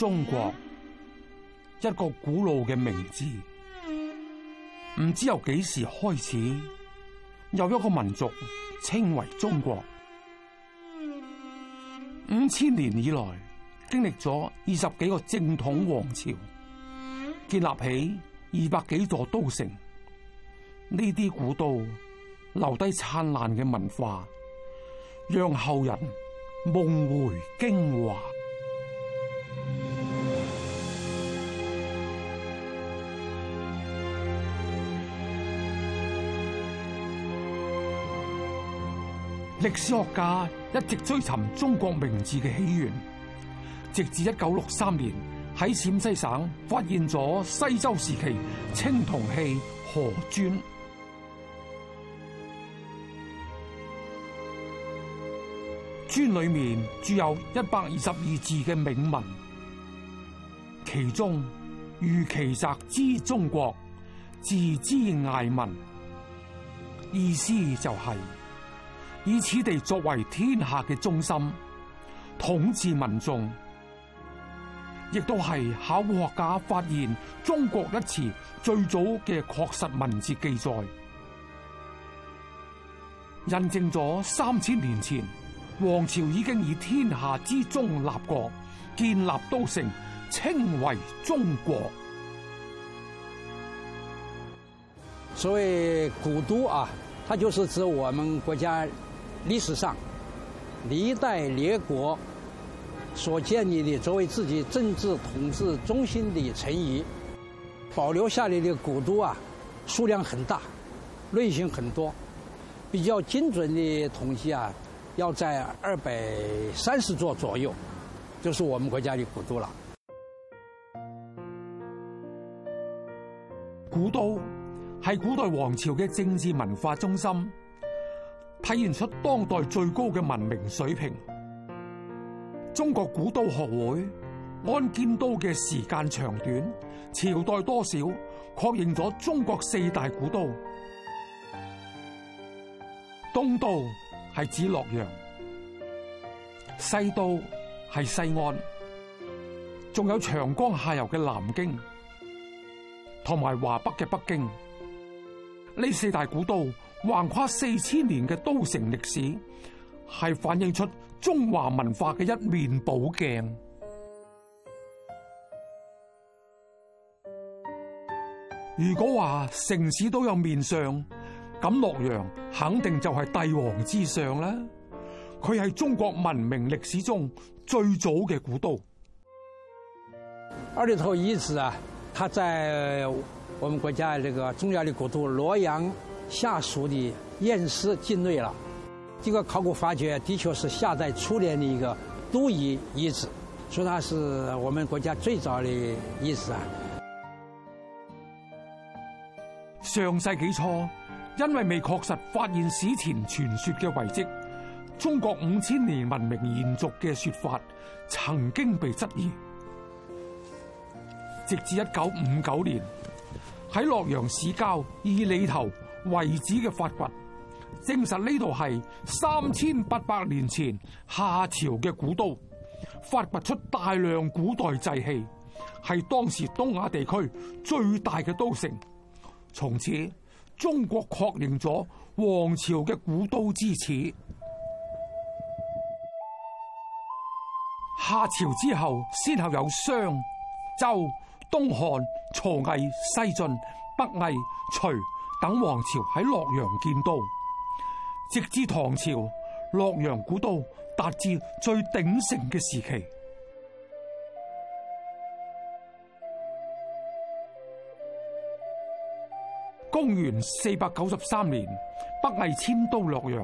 中國一個古老嘅名字，唔知由幾時開始，由一個民族稱為中國。五千年以來，經歷咗二十幾個正統王朝，建立起二百幾座都城。呢啲古都留低燦爛嘅文化，讓後人夢迴京華。歷史學家一直追尋中國名字嘅起源，直至一九六三年喺陝西省發現咗西周時期青銅器何尊。尊裏面注有一百二十二字嘅銘文，其中“予其宅之中國，自之艾民”，意思就係、是。以此地作為天下嘅中心，統治民眾，亦都係考古學家發現中國一詞最早嘅確實文字記載，印證咗三千年前王朝已經以天下之中立國，建立都城，稱為中國。所謂古都啊，它就是指我們國家。歷史上，歷代列國所建立的作為自己政治統治中心的城邑，保留下來的古都啊，數量很大，類型很多。比較精準的統計啊，要在二百三十座左右，就是我們國家的古都了。古都，是古代王朝的政治文化中心。體現出當代最高嘅文明水平。中國古都學會按建都嘅時間長短、朝代多少，確認咗中國四大古都：東都係指洛陽，西都係西安，仲有長江下游嘅南京，同埋華北嘅北京。呢四大古都。橫跨四千年嘅都城歷史，係反映出中華文化嘅一面寶鏡。如果話城市都有面相，咁洛陽肯定就係帝王之相啦。佢係中國文明歷史中最早嘅古都。二里頭遺址啊，它在我們國家這個重要的古都洛陽。下屬的偃師境內了。這個考古發掘的確是夏代初年的一個都邑遺址，說它是我們國家最早的意思。啊。上世紀初，因為未確實發現史前傳說嘅遺迹，中國五千年文明延續嘅說法曾經被質疑。直至一九五九年，喺洛陽市郊二里頭。遺址嘅發掘證實呢度係三千八百年前夏朝嘅古都，發掘出大量古代祭器，係當時東亞地區最大嘅都城。從此，中國確認咗王朝嘅古都之始。夏朝之後，先後有商、周、東漢、曹魏、西晉、北魏、隋。等王朝喺洛陽建都，直至唐朝，洛陽古都達至最鼎盛嘅時期。公元四百九十三年，北魏遷都洛陽，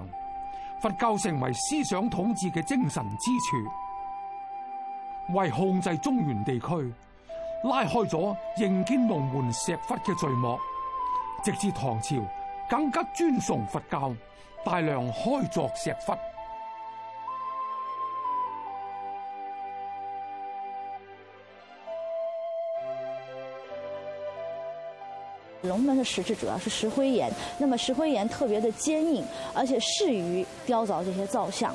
佛教成為思想統治嘅精神支柱，為控制中原地區，拉開咗營建龍門石窟嘅序幕。直至唐朝，更加尊崇佛教，大量開鑿石窟。龍門的石質主要是石灰岩，那麼石灰岩特別的堅硬，而且適於雕鑿這些造像。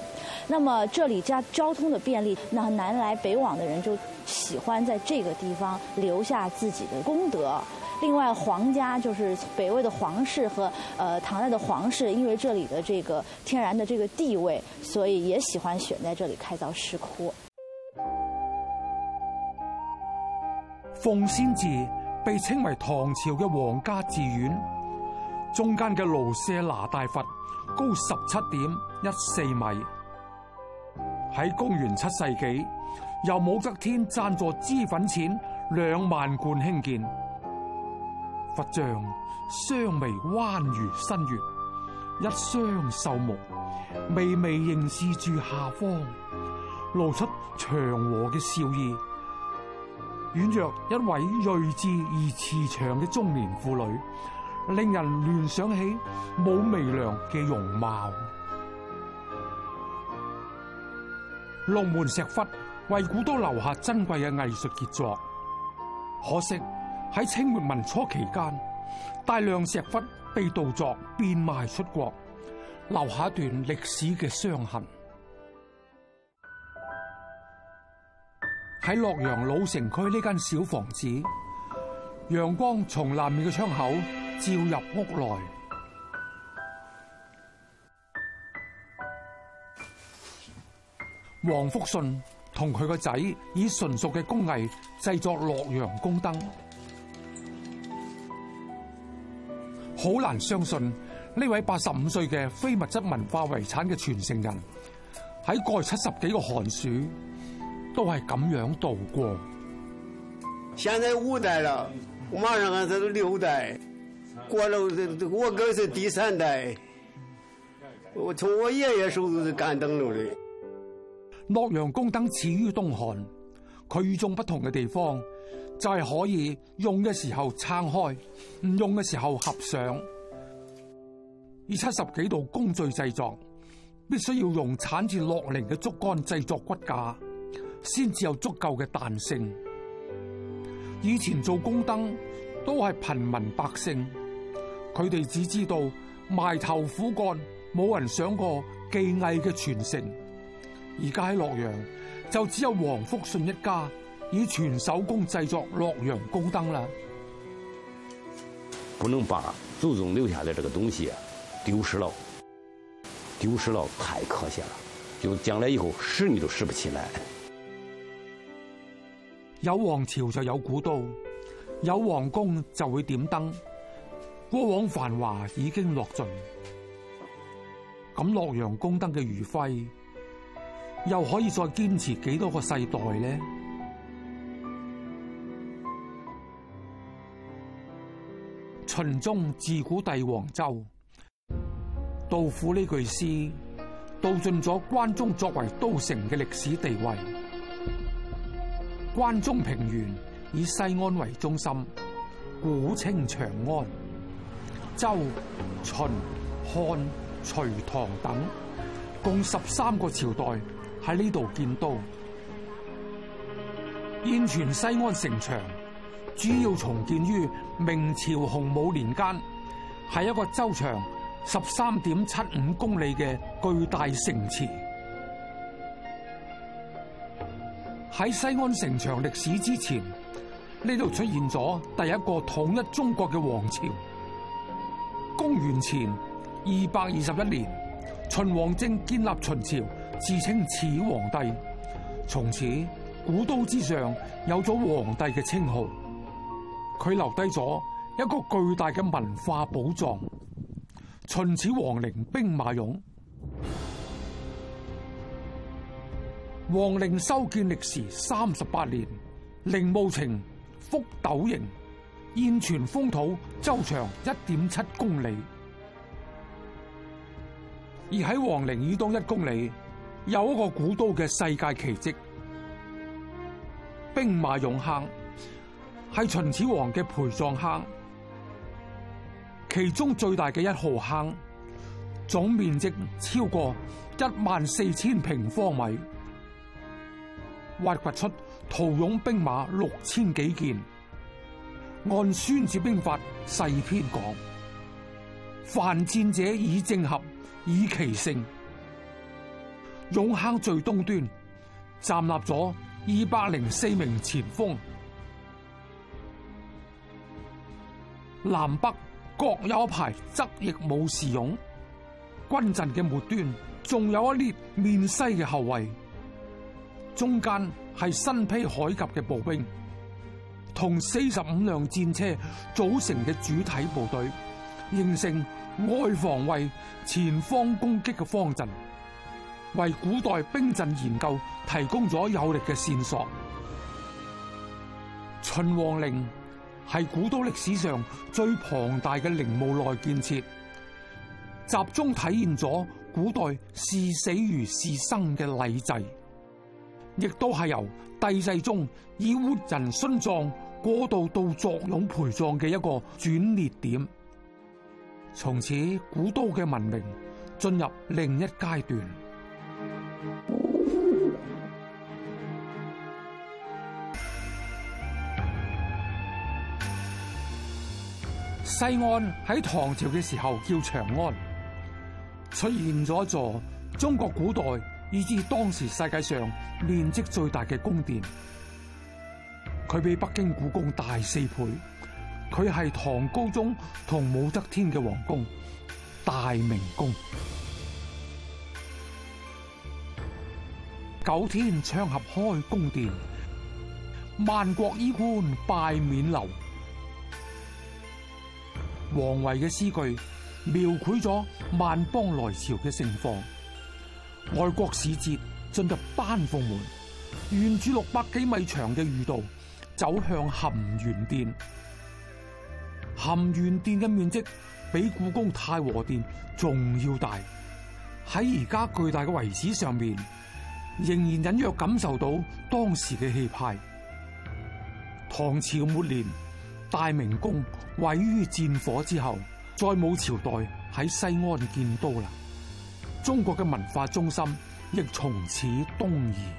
那麼這裏加交通的便利，那南來北往的人就喜歡在這個地方留下自己的功德。另外，皇家就是北魏的皇室和呃唐代的皇室，因為這裏的這個天然的這個地位，所以也喜歡選在這裏開鑿石窟。奉先寺被稱為唐朝嘅皇家寺院，中間嘅盧舍那大佛高十七點一四米，喺公元七世紀由武則天贊助脂粉錢兩萬貫興建。佛像雙眉彎如新月，一雙秀目微微凝視住下方，露出祥和嘅笑意，宛若一位睿智而慈祥嘅中年婦女，令人聯想起武媚娘嘅容貌。龍門石窟為古都留下珍貴嘅藝術傑作，可惜。喺清末民初期間，大量石窟被盜鑿變賣出國，留下一段歷史嘅傷痕。喺洛陽老城區呢間小房子，陽光從南面嘅窗口照入屋內。王福信同佢個仔以純熟嘅工藝製作洛陽宮燈。好難相信呢位八十五歲嘅非物質文化遺產嘅傳承人，喺過去七十幾個寒暑都係咁樣度過。現在五代了，馬上啊都六代，過了我哥是第三代，我從我爺爺手度是幹燈籠嘅。洛陽宮燈始於東漢，佢與眾不同嘅地方。就係、是、可以用嘅時候撐開，唔用嘅時候合上。以七十幾道工序製作，必須要用產自洛寧嘅竹竿製作骨架，先至有足夠嘅彈性。以前做宮燈都係貧民百姓，佢哋只知道埋頭苦幹，冇人想過技藝嘅傳承。而家喺洛陽，就只有王福順一家。要全手工製作洛陽宮燈啦，不能把祖宗留下嚟這個東西啊，丟失了，丟失了，太可惜了！就將來以後拾你都使不起來。有王朝就有古都，有皇宮就會點燈。過往繁華已經落盡，咁洛陽宮燈嘅餘暉，又可以再堅持幾多個世代呢？秦中自古帝王州，杜甫呢句詩道盡咗關中作為都城嘅歷史地位。關中平原以西安為中心，古稱長安，周、秦、漢、隋、唐等共十三個朝代喺呢度建都。現存西安城牆。主要重建於明朝洪武年間，係一個周長十三點七五公里嘅巨大城池。喺西安城牆歷史之前，呢度出現咗第一個統一中國嘅王朝。公元前二百二十一年，秦王政建立秦朝，自稱始皇帝。從此古都之上有咗皇帝嘅稱號。佢留低咗一個巨大嘅文化寶藏——秦始皇陵兵馬俑。皇陵修建歷時三十八年，陵墓呈覆斗形，現存封土周長一點七公里。而喺皇陵以東一公里，有一個古都嘅世界奇迹——兵馬俑坑。係秦始皇嘅陪葬坑，其中最大嘅一號坑，總面積超過一萬四千平方米，挖掘出陶俑兵馬六千幾件。按孫子兵法勢篇，講，凡戰者以正合，以奇勝。俑坑最東端站立咗二百零四名前鋒。南北各有一排側翼武士俑，軍陣嘅末端仲有一列面西嘅後衛，中間係身披鎧甲嘅步兵，同四十五輛戰車組成嘅主體部隊，形成外防衛、前方攻擊嘅方陣，為古代兵陣研究提供咗有力嘅線索。秦王陵。係古都歷史上最龐大嘅陵墓內建設，集中體現咗古代是死如是生嘅禮制，亦都係由帝制中以活人殉葬過渡到作俑陪葬嘅一個轉捩點。從此，古都嘅文明進入另一階段。西安喺唐朝嘅時候叫長安，出現咗一座中國古代以至當時世界上面積最大嘅宮殿，佢比北京故宮大四倍，佢係唐高宗同武則天嘅皇宮——大明宮。九天閶闔開宮殿，萬國衣冠拜冕旒。王維嘅詩句描繪咗萬邦來朝嘅盛況，外國使節進入班鳳門，沿住六百幾米長嘅御道走向含元殿。含元殿嘅面積比故宮太和殿仲要大，喺而家巨大嘅遺址上面，仍然隱約感受到當時嘅氣派。唐朝末年，大明宮毀於戰火之後，再冇朝代喺西安建都啦。中國嘅文化中心亦從此東移。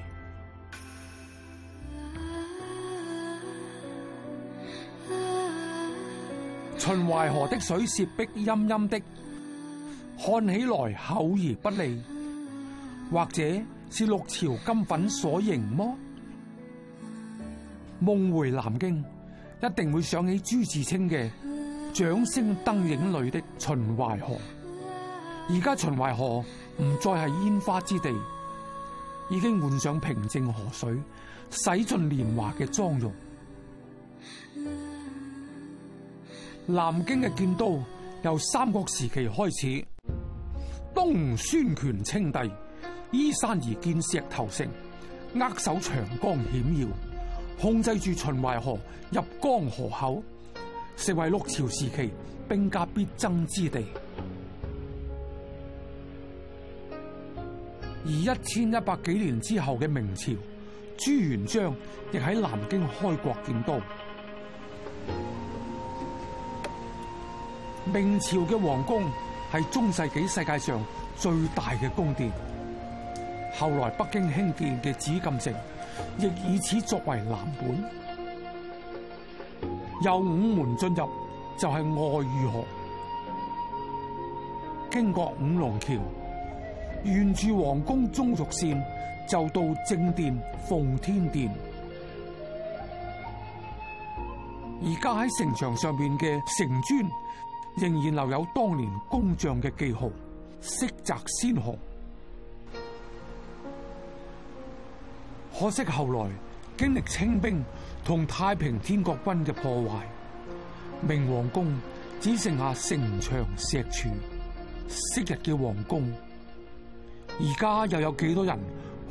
秦淮河的水是碧陰陰的，看起來厚而不膩，或者是六朝金粉所凝麼？夢回南京。一定會想起朱自清嘅《掌聲燈影裏的秦淮河》，而家秦淮河唔再係煙花之地，已經換上平靜河水，洗盡年華嘅妝容。南京嘅建都由三國時期開始，東吳孫權稱帝，依山而建石頭城，握手長江險要。控制住秦淮河入江河口，成為六朝時期兵家必爭之地。而一千一百幾年之後嘅明朝，朱元璋亦喺南京開國建都。明朝嘅皇宮係中世紀世界上最大嘅宮殿，後來北京興建嘅紫禁城，亦以此作為藍本，由五門進入就係、是、外御河，經過五龍橋，沿住皇宮中軸線就到正殿奉天殿。而家喺城牆上面嘅城磚仍然留有當年工匠嘅記號，色澤鮮紅。可惜後來經歷清兵同太平天國軍嘅破壞，明皇宮只剩下城牆石柱，昔日嘅皇宮，而家又有幾多人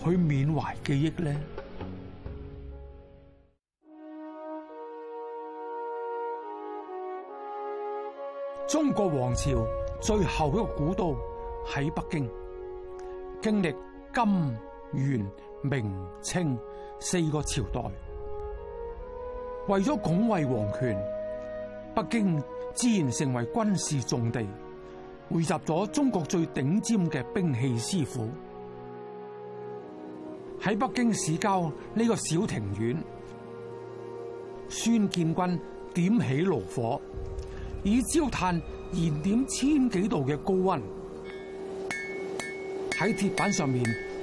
去緬懷記憶呢？中國皇朝最後一個古都喺北京，經歷金元。明清四個朝代，為咗拱衛皇權，北京自然成為軍事重地，匯集咗中國最頂尖嘅兵器師傅。喺北京市郊呢個小庭院，孫建軍點起爐火，以焦炭燃點千幾度嘅高溫，喺鐵板上面，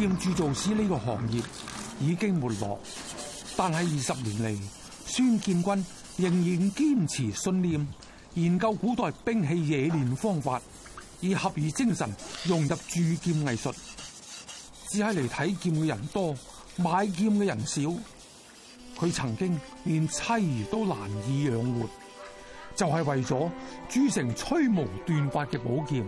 劍鑄造師呢個行業已經沒落，但係二十年嚟，孫建軍仍然堅持信念，研究古代兵器冶煉方法，以俠義精神融入鑄劍藝術。只係嚟睇劍嘅人多，買劍嘅人少。佢曾經連妻兒都難以養活，就係、是、為咗鑄成吹毛斷髮嘅寶劍。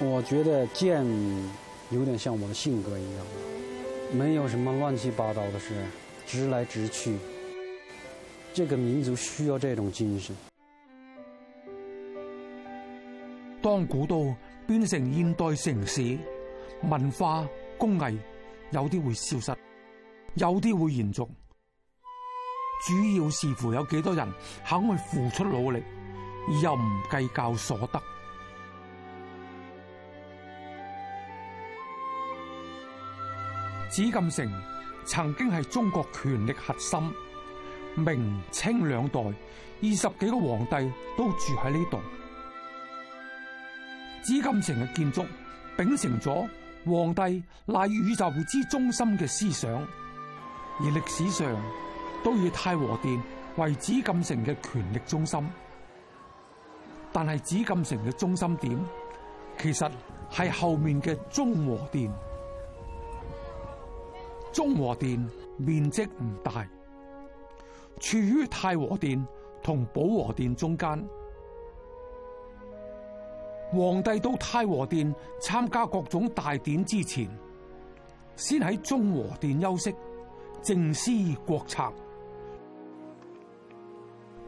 我覺得劍有點像我的性格一樣，沒有什麼亂七八糟的事，直來直去。這個民族需要這種精神。當古都變成現代城市，文化工藝有啲會消失，有啲會延續，主要視乎有幾多人肯去付出努力，又唔計較所得。紫禁城曾經係中國權力核心，明清兩代二十幾個皇帝都住喺呢度。紫禁城嘅建築秉承咗皇帝乃宇宙之中心嘅思想，而歷史上都以太和殿為紫禁城嘅權力中心。但係紫禁城嘅中心點其實係後面嘅中和殿。中和殿面積唔大，處於太和殿同保和殿中間。皇帝到太和殿參加各種大典之前，先喺中和殿休息，靜思國策。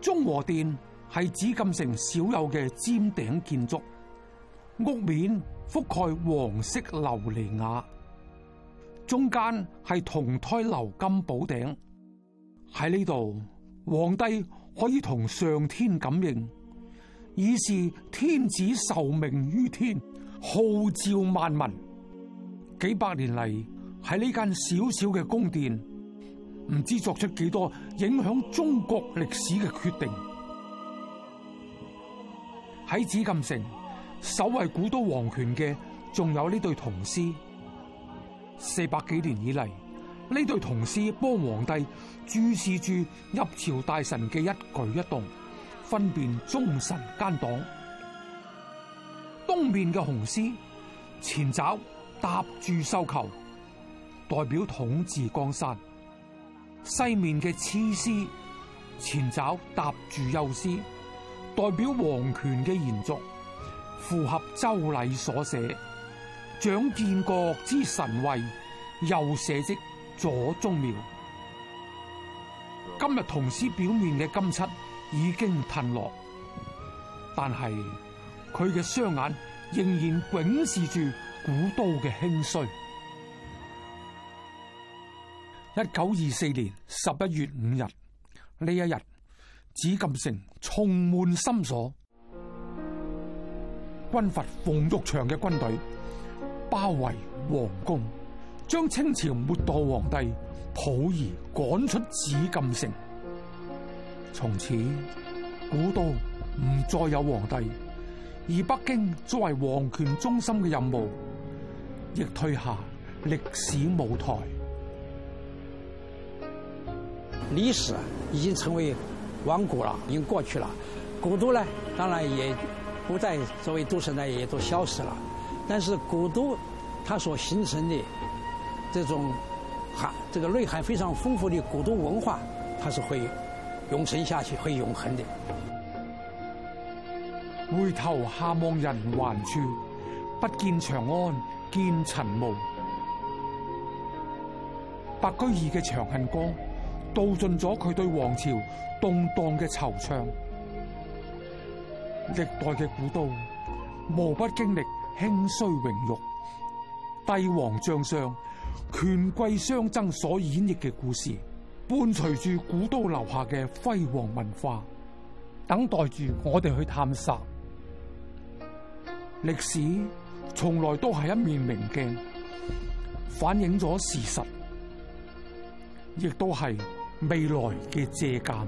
中和殿係紫禁城少有嘅尖頂建築，屋面覆蓋黃色琉璃瓦。中間係銅胎鎏金寶鼎，喺呢度皇帝可以同上天感應，以示天子受命於天，號召萬民。幾百年嚟喺呢間小小嘅宮殿，唔知作出幾多影響中國歷史嘅決定。喺紫禁城守衛古都皇權嘅，仲有呢對銅獅。四百幾年以嚟，呢對銅獅幫皇帝注視住入朝大臣嘅一舉一動，分辨忠臣奸黨。東面嘅雄獅前爪搭住繡球，代表統治江山；西面嘅雌獅前爪搭住幼獅，代表皇權嘅延續，符合周禮所寫。蔣建國之神位，右社稷，左宗廟。今日銅獅表面嘅金漆已經褪落，但係佢嘅雙眼仍然凝視住古都嘅興衰。一九二四年十一月五日，呢一日紫禁城重門深鎖，軍閥馮玉祥嘅軍隊。包圍皇宮，將清朝末代皇帝溥儀趕出紫禁城。從此，古都唔再有皇帝，而北京作為皇權中心嘅任務，亦退下歷史舞台。歷史已經成為亡國啦，已經過去啦。古都呢，當然也不再作為都市呢，也都消失了。但是古都，它所形成的這種含這個內涵非常豐富的古都文化，它是會永存下去，會永恒的。回頭下望人寰處，不見長安，見塵霧。白居易嘅《長恨歌》，道盡咗佢對王朝動蕩嘅惆悵。歷代嘅古都，無不經歷。興衰榮辱、帝王將相、權貴相爭所演繹嘅故事，伴隨住古都留下嘅輝煌文化，等待住我哋去探索。歷史從來都係一面明鏡，反映咗事實，亦都係未來嘅借鑒。